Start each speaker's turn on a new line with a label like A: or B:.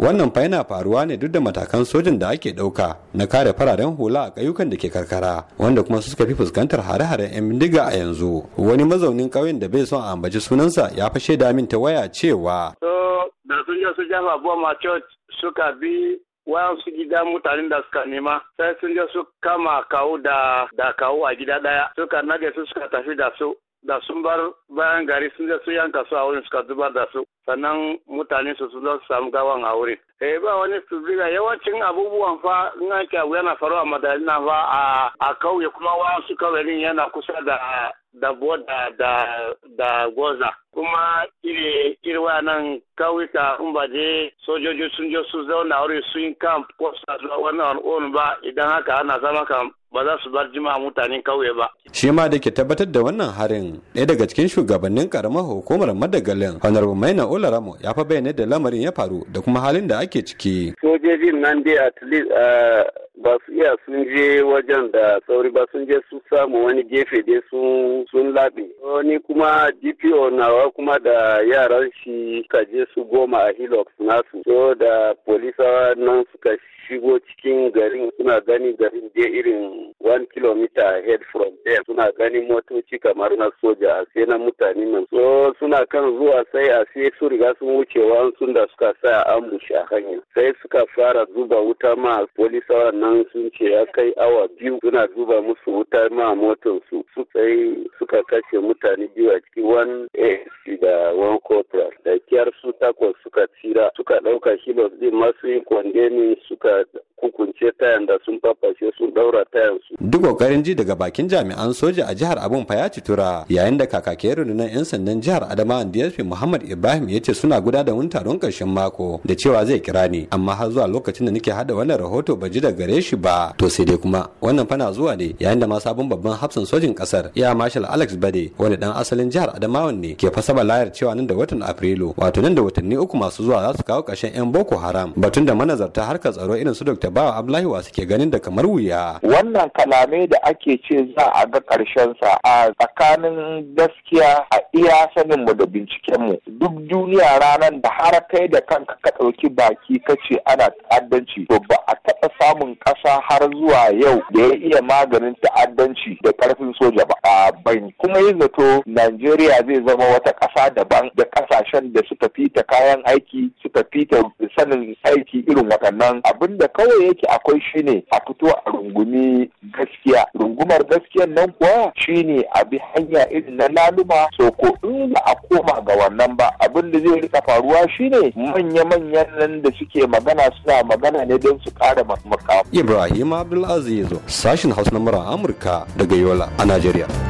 A: wannan fa yana faruwa ne duk da matakan sojin da ake ɗauka na kare fararen hula a kayukan da ke karkara wanda kuma suka fi fuskantar hare-haren 'yan bindiga a yanzu wani mazaunin kauyen da bai son a ambaci sunansa ya fashe damin ta waya cewa
B: da sun je su jafa boma church suka bi su gida mutanen da suka nema sai sun je su kama kawo da da kawo a gida daya suka nage su suka tafi da su da sun bar bayan gari sun je su yanka su a wurin suka zubar da su sannan mutane su za su samu gawan a wurin. Eh ba wani sirriga yawancin abubuwan fa in an abu yana faruwa madalina fa a kauye kuma wasu kauyenin yana kusa da da boda da da goza kuma iri iri nan kauyuka in ba je sojoji sun je su zauna wuri sun camp ko su wannan ba idan haka ana zama kam ba za su bar jima mutane kauye ba.
A: Shi ma da ke tabbatar da wannan harin ɗaya daga cikin shugabannin karamar hukumar madagalin Honorable Maina Olaramo ya fa bayyana da lamarin ya faru da kuma halin da ake ciki.
C: Sojojin nan dai at least eh, ba su iya sun je wajen da sauri ba sun je su samu wani gefe dai sun sun laɓe. Wani kuma DPO nawa kuma da yaran shi ka je su goma a Hilux nasu. So da polisa nan suka shigo cikin garin suna gani garin dai irin one kilometer ahead from there suna ganin motoci kamar na soja a sai na mutane nan so suna kan zuwa sai a sai su riga sun wuce sun da suka sa ambush a hanya sai suka fara zuba wuta ma polisawa nan sun ce ya kai awa biyu suna zuba musu wuta ma motan su su sai suka kashe mutane biyu a cikin one ASC da one corporal da kyar su takwas suka tsira suka ɗauka hilos din masu yin kwandemin suka ce ta yanda sun fafashe sun daura ta yansu.
A: Duk kokarin ji daga bakin jami'an soja a jihar Abun fa ya ci tura yayin da kakakiyar rundunar 'yan sandan jihar Adamawa DSP Muhammad Ibrahim ya ce suna guda da wani taron karshen mako da cewa zai kira ni amma har zuwa lokacin da nake hada wannan rahoto ba ji da gare shi ba to sai dai kuma wannan fana zuwa ne yayin da ma sabon babban hafsan sojin kasar ya Marshal Alex Bade wani dan asalin jihar Adamawa ne ke fasaba layar cewa nan da watan Afrilu wato nan da watanni uku masu zuwa za su kawo karshen 'yan Boko Haram batun da manazarta harkar tsaro irin su Dr. Bawa abdullahi wa suke ganin da kamar wuya wannan
D: kalamai da ake ce za a ga ƙarshensa sa a tsakanin gaskiya a iya sanin mu da binciken mu duk duniya ranar da har kai da kanka ka ɗauki baki ce ana ta'addanci to ba a taɓa samun ƙasa har zuwa yau da ya iya maganin ta'addanci da ƙarfin soja ba a ban kuma yin zato Najeriya zai zama wata ƙasa daban da ƙasashen da suka fita kayan aiki suka fita sanin aiki irin waɗannan abin da kawai yake akwai shine a fito a rungumi gaskiya rungumar gaskiyan nan kuwa shine a bi hanya irin na laluma so in ba a koma ga wannan ba abin da zai rika faruwa shine manya-manyan waɗannan da suke
A: magana suna magana ne don su ƙara makamu. Ibrahim Abdulaziz sashin Hausa na Amurka daga Yola a Najeriya.